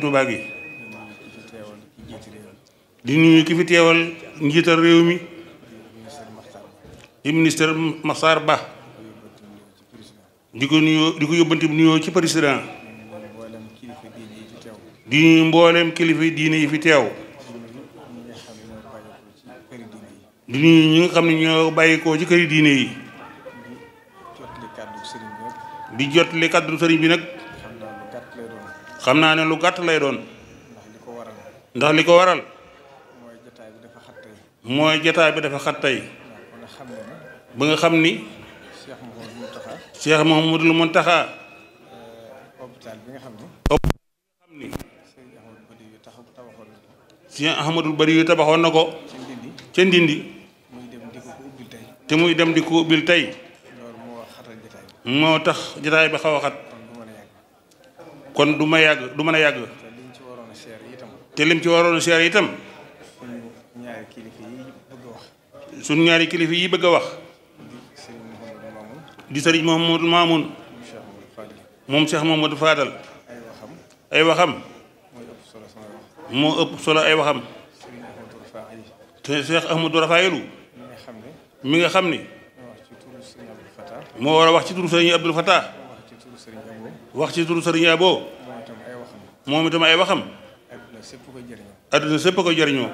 sëñ Touba gi di nuyu ki fi teewal njiital réew mi di ministre Massar Ba di ko nuyoo di ko yóbbanti nuyoo ci président di nuyu mbooleem kilifa diine yi fi teew di nuyu ñi nga xam ne ñoo bàyyikoo ci këri diine yi di jot li sëriñ bi nag xam naa ne lu gàtt lay doon. ndax li ko waral. ndax li ko waral. mooy jotaay bi dafa xat tey. mooy bi dafa xat tey. ba nga xam ni. Cheikh Mouhamadul Mountakha. Cheikh Mouhamadul Mountakha. hôpital bi nga xam ni. hôpital bi nga xam ni. Bari tabaxoon na ko. ca Ndindi. ca muy dem di ko ubbil tey. te muy dem di ko ubbil tey. moo tax jotaay bi xaw a xat. kon du ma yàgg du man a yàgg. te lim ci waroon a seer itam. suñu ñaari kilifa yi bëgg suñu ñaari kilifa yi bëgg a wax. di sëriñ Mouhamadou Mamoun. moom Cheikh Mouhamadou Fadal. ay waxam. moo ëpp solo ay waxam. te Cheikh Ahmadou Rafaayelu. mi nga xam ni. moo war a wax ci turu sëriñ Abdoul Fattah. wax ci turu sëriñ Abo. moom itam ay waxam. adduna sépp koy jëriñoo. adduna sépp koy jëriñoo.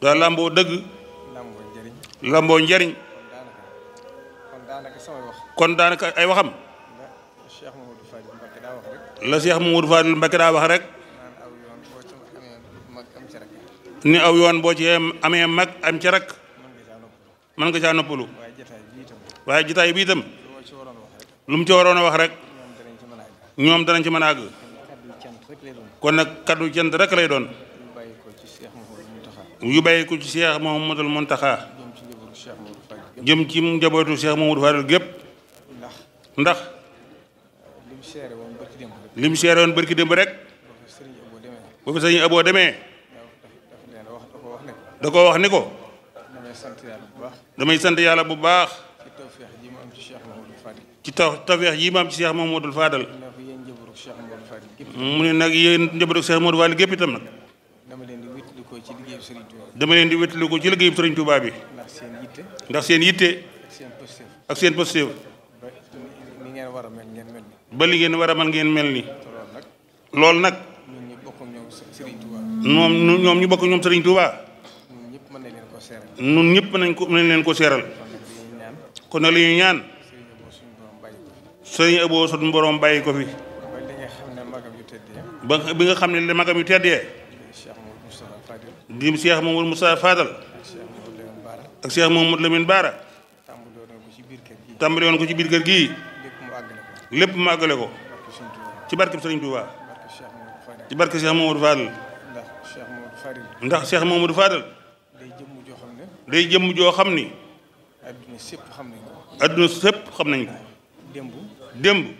daa làmboo dëgg. làmboo njëriñ. kon daanaka ay waxam. la Cheikh Mamadou Fadil Mbacké daa wax rek. ni aw yoon boo ci amee mag am ci rek. nga caa noppalu. waaye jataay bi lu mu ci waroon a wax rek ñoom danañ ci mën a àgg kon nag kaddu cant rek lay doon yu bàyyi ko ci Seex moo Muntaxa jëm ci njabootu Seex Muhammadul Fadal gépp ndax li mu seere woon bërki démb rek ba fi sëñ Aboo demee da ko wax ni ko damay sant yàlla bu baax ci taw tawfeex yi maam ci Cheikh Mamadou Fadal mu ne nag yéen njabootu Cheikh Mamadou Fadal gépp itam nag dama leen di wétlu ko ci liggéeyu Serigne Touba dama leen di wétlu ko ci liggéeyu Serigne Touba bi ndax seen yitte ndax seen yitte ak seen posté ni ngeen war a mel ngeen mel ni ba li ngeen war a mel ngeen mel ni loolu nag moom ñoom ñu bokk ñoom Serigne Touba ñun ñëpp mën nañ leen ko seeral kon nag li ñuy ñaan sëriñ Abo suñu borom bàyyi ko fi. ba li nga xam ne magam yu teddee. ba bi nga xam ne magam yu teddee. di Cheikh Mamadou Moustapha Fadal. ak Cheikh Mamadou Lamine Bara. tàmbali woon ko ci biir kër gii. lépp mu àggale ko. ci barkeb sëriñ Touba. ci barke Cheikh Mamadou Fadal. ndax Cheikh Mamadou Fadal. day jëmm joo xam ne. day jëmm joo xam ni. adduna sépp xam nañ ko. xam nañ démb. démb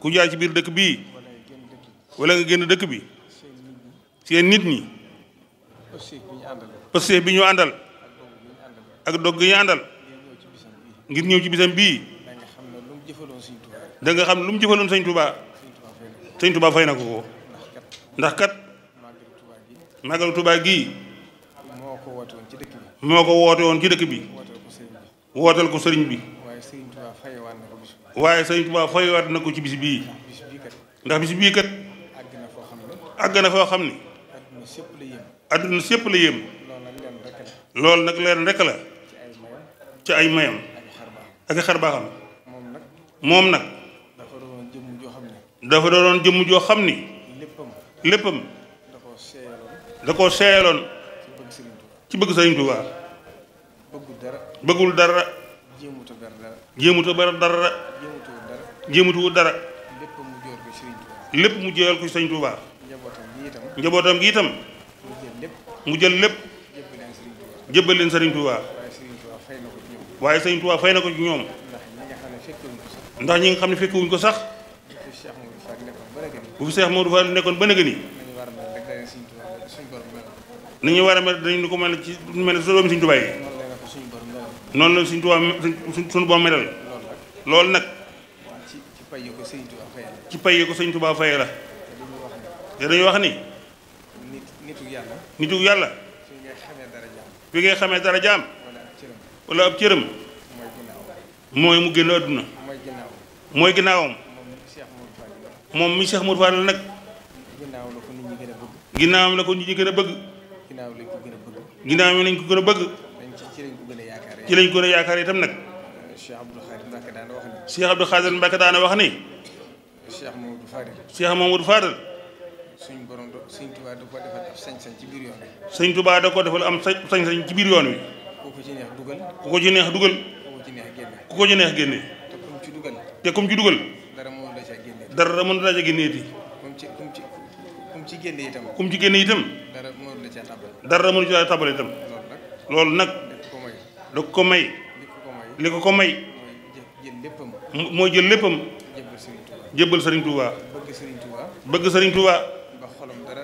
ku jaar ci biir dëkk bi wala nga génn dëkk bi seen nit ñi pëstéef bi ñu àndal ak dogg gi ñu àndal ngir ñëw ci bisam bii da nga xam lu mu jëfaloon sëñ Touba sëñ Touba fay na ko ko ndax kat màggalu Touba gii moo ko woote ci dëkk moo ko woote woon ci dëkk bi wootal ko sëriñ bi waaye sëriñ waaye sëñ Tuubaa fayewaat na ko ci bis bii ndax bis bii kat àgg na foo xam ni àdduna sépp la yem loolu nag leen rek la ci ay mayam ak xar baaxam moom nag dafa doon jëmm joo xam ni léppam da ko seeyaloon ci bëgg sëñ Tuubaa bëggul dara jéemutu ber dara. jéemutu ber dara. jéemutu dara. jéemutu dara. lépp mu joor ko Sëriñ Tuubaa. lépp mu joor ko Sëriñ Tuubaa. njabootam gi itam. njabootam gi itam. mu jël lépp. mu jël lépp. jébbal leen Sëriñ Tuubaa. waaye Sëriñ Tuubaa fay na ko ci ñoom. ndax ñi nga xam ne fekkewuñ ko sax. bu fi Seex Moodu Faal nekkoon ba nekk nii. ni ñu war a mel dañu ko mel ci mel ne sa doom Sëriñ yi. noonu la suñ Tuubaa suñ boom melawee loolu nag ci pay yi ko sëñ Tuubaa fay la te dañuy wax ni nitu yàlla fi ngay xamee dara jaam wala ab cëram mooy mu génn àdduna mooy ginnaawam moom mi Cheikh Mourou Fall nag ginnaawam la ko nit ñi gën a bëgg ginnaawam la ko nit ñi gën a bëgg ginnaawam lañ ko gën a bëgg ci lañ gën a yaakaar itam nag. Cheikh Abdou Khadir Mbacke daana wax ni. Cheikh Abdou Khadir Mbacke daana wax ni. Cheikh Mamadou Fadal. Cheikh Mamadou Fadal. suñ borom do sëñ Touba da ko defal am sañ-sañ ci biir yoon wi. sëñ Touba da ko defal am sañ-sañ ci biir yoon wi. ku ko ci neex dugal. ku ko ci neex dugal. ku ko ci neex génne. ku ko ci neex génne. te kum ci dugal. te kum ci dugal. dara mënul la caa génneeti. dara mënul la caa génneeti. kum ci kum ci kum ci génne itam. kum ci génne itam. dara mënul la caa tabale. dara mënul la caa tabale itam. loolu nag. da ko may. li ko ko may. mooy jël léppam. jébbal Serigne Touba. bëgg Serigne Touba. bëgg Serigne Touba. ba xolam dara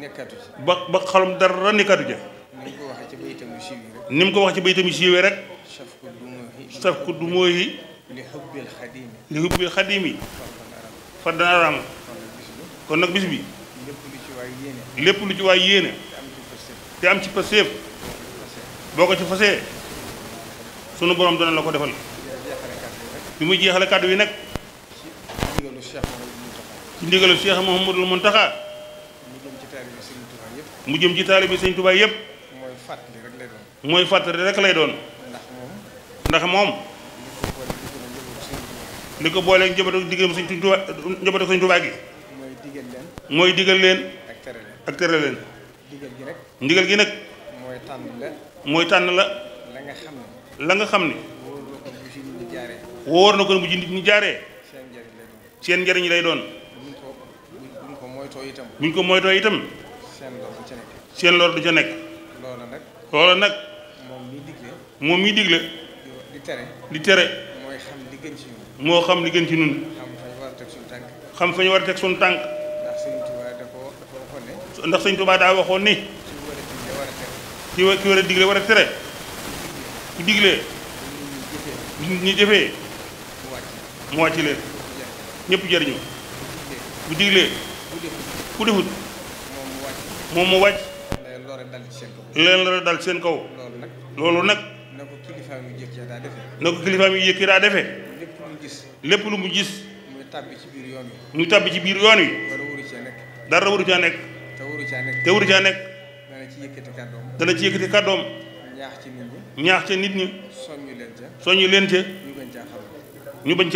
nekkatu ci. ba bëgg xolam dara nekkatu ci. ni mu ko waxee ci baytam yu siiwee rek. ni mu ko waxee ci baytam yu siiwee rek. saf ku du mooy. li xubbil xadim yi. li xubbil xadim yi. fa dana araam. kon nag bis bi. lépp lu ci waay yéene. lépp lu ci waay yéene. te am ci pasteef. boo ko ci fasee. sunu borom dana la ko defal bi muy jeexale kàddu yi nag ci ndigalu Cheikh Mouhamadul Mountakha mu jëm ci taalibi Sëñ Tuubaa yëpp mooy fàttali rekk lay doon ndax moom li ko boolee njabootu diggam Sëñ Tuubaa njabootu Sëñ Tuubaa gi mooy digal leen ak tere leen ndigal gi nag mooy tànn la la la nga xam ne wóor na ko bu ci nit ñi jaaree seen njariñ lay doon buñ ko moytoo itam seen lool du ca nekk loola nag moom miy digle di tere moo xam li gën ci nun xam fa ñu war a teg suñu tànk ndax sëñ Tuubaa daa waxoon ni ki war a digle war a tere ku diglee bu nit ñi jëfee mu wàcc leen ñëpp jëriñu bu diglee ku defut moom mu wàcc leen lore dal seen kaw loolu nag na ko kilifaam yu yëkk daa defee na ko kilifaam yu yëkk daa defee lépp lu mu gis lépp lu mu gis muy tàbbi ci biir yoon wi ñu tàbbi ci biir yoon yi dara waru caa nekk te waru caa nekk dana ci yëkkati kàddoom dana ci yëkkati kàddoom ñaax ci nit ñi. ñaax nit ñi. soññu leen ca. soññu leen ca. ñu gën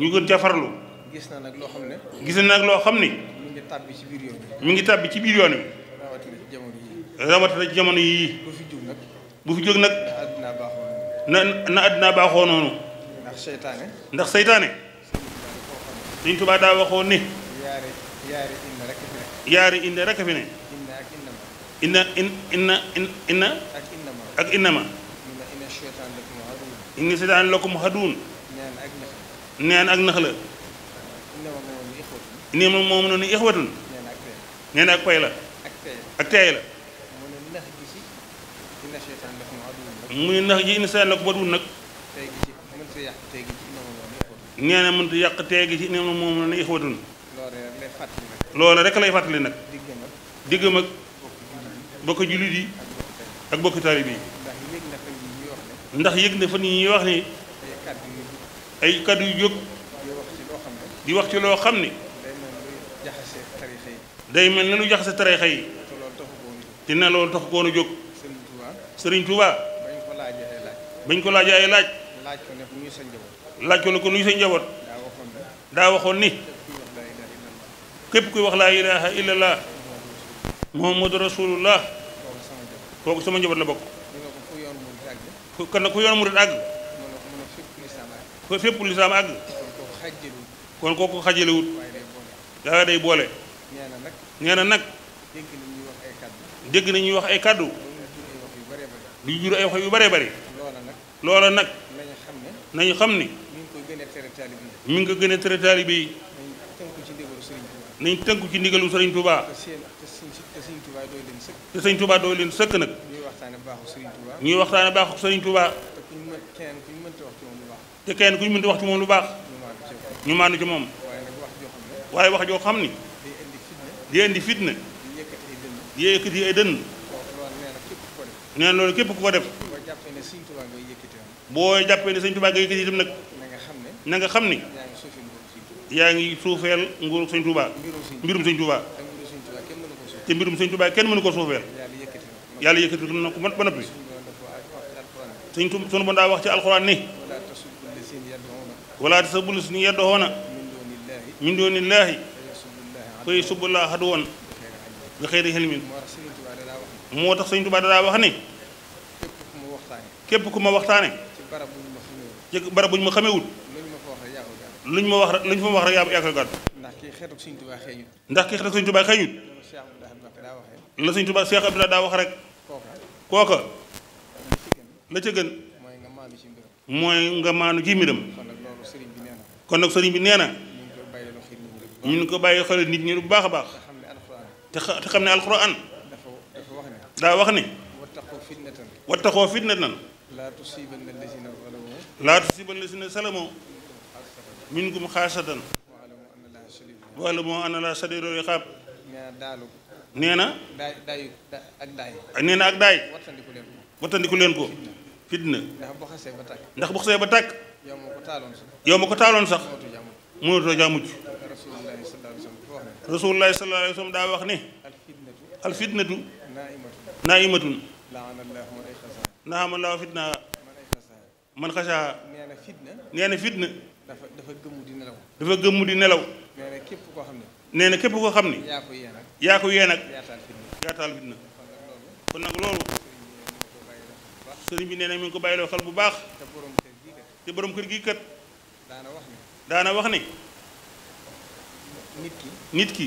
ñu bañ caa. farlu. gis na nag loo xam ne. gis na loo xam ni. mi ngi tàbbi ci biir yoon wi. mi ngi tàbbi ci biir yoon wi. jamono yii. rawatina ci jamono bu fi jóg nag. na àddina baaxoo na àddina baaxoo noonu. ndax seytaane. ndax seytaane. Sëñ Tuubaa daa ni. yaari yaari inde fi ne. yaari inde rek fi ne. inna in inna in inna ak innama inna seytaan lakum haduun neen ak nax la nii moom moom noonu ixwatun neen ak pay la ak teey la mu ne nax ji inna seytaan lakum haduun nag nee na mënut yàq teegi ci inna moom noonu ixwatun loola rek lay fàttali nag diggam bokk jullit yi ak bokk taalibe yi ndax yëg na fan yi ñuy wax ne ay kaddu yu jóg di wax ci loo xam ne day mel na lu jaxase tarixa yi dina loolu tax koon a jóg sëriñ Tuubaa bañ ko laajee ay laaj laaj ko ne ko nuy sa njaboot daa waxoon ni képp ko wax laa ilaaha illallah Muhammadu Rasulullah kooku sama njaboot la bokk kan na ku yoon murit àgg ko fépp lislaam àgg kon kooku xajalewut daa day boole nee na nag dégg na ñuy wax ay kàddu di jur ay wax yu bëree bëri loola nag nañu xam ni mi ngi ko gën a tere taalibe yi nañ tënku ci ndigalu Sëriñ Tuubaa te sëñ Touba doo leen sëkk nag. ñuy waxtaan waxtaane baaxu sëriñ Touba. te kenn ku ñu mënti wax ci moom lu baax. ñu maandu ci moom. waaye wax joo xam ni. di indi fitna. di yëkkati ay dënn. nee na loolu képp ku ko def. boo jàppee ne sëñ Touba ngay yëkkati itam nag. na nga xam ni. yaa ngi suufeel nguuru sëñ Touba. mbirum sëñ Touba. te mbirum sëñ Tuubaa kenn mënu ko suufeel yàlla yëkkati na ko ba noppi sëñ tu sunu bon daa wax ci alxuraan ni wala tasubbu llaziina yad'uuna min duunillaahi fa yasubbu llaaha adwan bi xayri ilmin moo tax sëñ Tuubaa daa wax ni képp ku ma waxtaane ci barab bu ñu ma xamewut luñ ma wax luñ fa ma wax rek yaa ko gàddu ndax kii xeetu sëñ Tuubaa xeeñut la sëñ Tuubaa Seex Abdulaay daa wax rek kooka la ca gën mooy nga maanu ci mbiram kon nag sëriñ bi nee na ñu ngi ko bàyyi xel nit ñi bu baax a baax te te xam ne alxuraan daa wax ne wattaxoo fitnatan laa tusiibanna llaziina zalamoo minkum xaasatan wa'lamoo anna llaaha shadiidul iqaab nee na. daay daay ak daay. nee na ak daay. wattandiku leen ko. leen ko. fitna. ndax bu xasee ba tàkk. ndax bu ba tàkk. yow ma ko taaloon sax. yow ma ko taaloon sax. mënatoo mujj. rasulullahi sallallahu daa wax ne. al fitnatu. naa imatun. naa amallahu fitna. man xasaa. nee na fitna. na dafa dafa gëmm di nelaw. dafa gëmm di nelaw. nee képp koo xam ne. nee na képp koo xam ni yaa ko yee nag yaataal fitna kon nag loolu sëriñ bi nee na mi ngi ko bàyyiloo xel bu baax te borom kër gi kat daana wax ni nit ki nit ki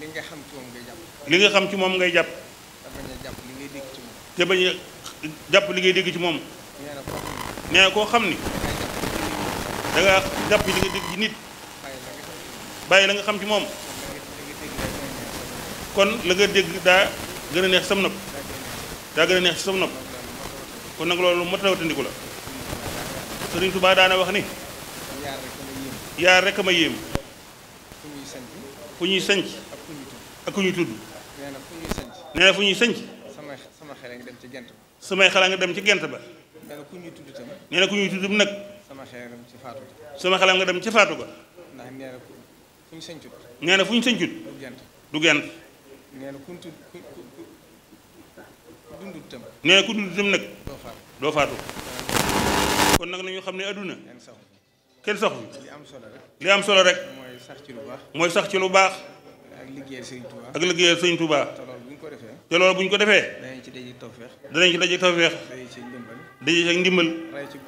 li nga xam ci moom ngay jàpp li xam ci moom ngay jàpp te bañ jàpp li ngay dégg ci moom nee koo xam ni da jàpp li nga dégg ci nit bàyyi la nga xam ci moom kon la nga dégg daa gën a neex sam nopp daa gën a neex sam nopp kon nag loolu mat a ko la Sëriñ Tuubaa daana wax ni yaar rek ma yéem fu ñuy sanc ak ku ñuy tudd nee na fu ñuy sanc sama xel a ngi dem ci samay xel nga dem ci gent ba nee ku ñuy tudd tam nee nag sama xel a nga dem ci faatu ga nga dem ci fu ñu sëñcut nee na fu ñu sëñcut du gent nee na ku dundut tam nee na ku dundut tam nag doo faatu kon nag nañu xam ne adduna kenn saxu li am solo rek li am solo rek mooy sax ci lu baax mooy sax ci lu baax ak liggéeyal sëñ Touba ak sëñ Touba te loolu bu ñu ko defee te loolu bu ñu ko defee. danañ ci daje tawféex. danañ ci daje tawféex. daje ci ndimbal. daje ci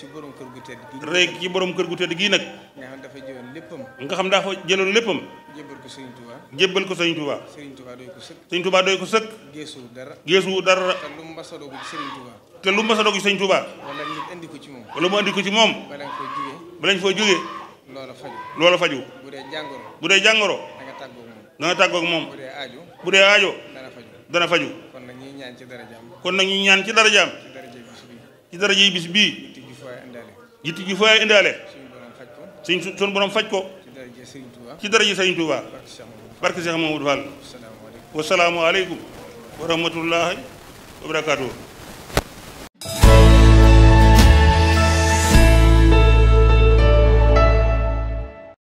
ci borom kër gu tedd gii. roy ci kër gu tedd gii nag. nga xam dafa jëloon léppam. nga xam dafa jëloon léppam. jébbal ko Serigne Touba. jébbal ko Serigne Touba. Serigne Touba doy ko sëkk. Serigne Touba ko sëkk. geesuwul dara. geesuwul dara. te lu mu a dogu ci Serigne Touba. te lu mu mës a dogu ci Serigne Touba. wala nit andi ko ci moom. wala mu andi ko ci moom. bala nga foo jógee. bala nga foo jógee. loola faju. bu dee jàngoro. bu dee jàngoro. da nga tàggoog moom. bu dee aajo. dana faju kon na ñuy ñaan ci dara jaam. kon nag ñuy ñaan ci dara jaam. ci dara ji bis bii. yitti ju fooy indaale. yitti ju fooy indaale. suñ suñ borom faj ko. ci dara ji Serigne Touba. ci dara ji Serigne Touba. barke Cheikh Mamadou Fall. wasalaamaaleykum. wa rahmatullahi wa barakaatuh.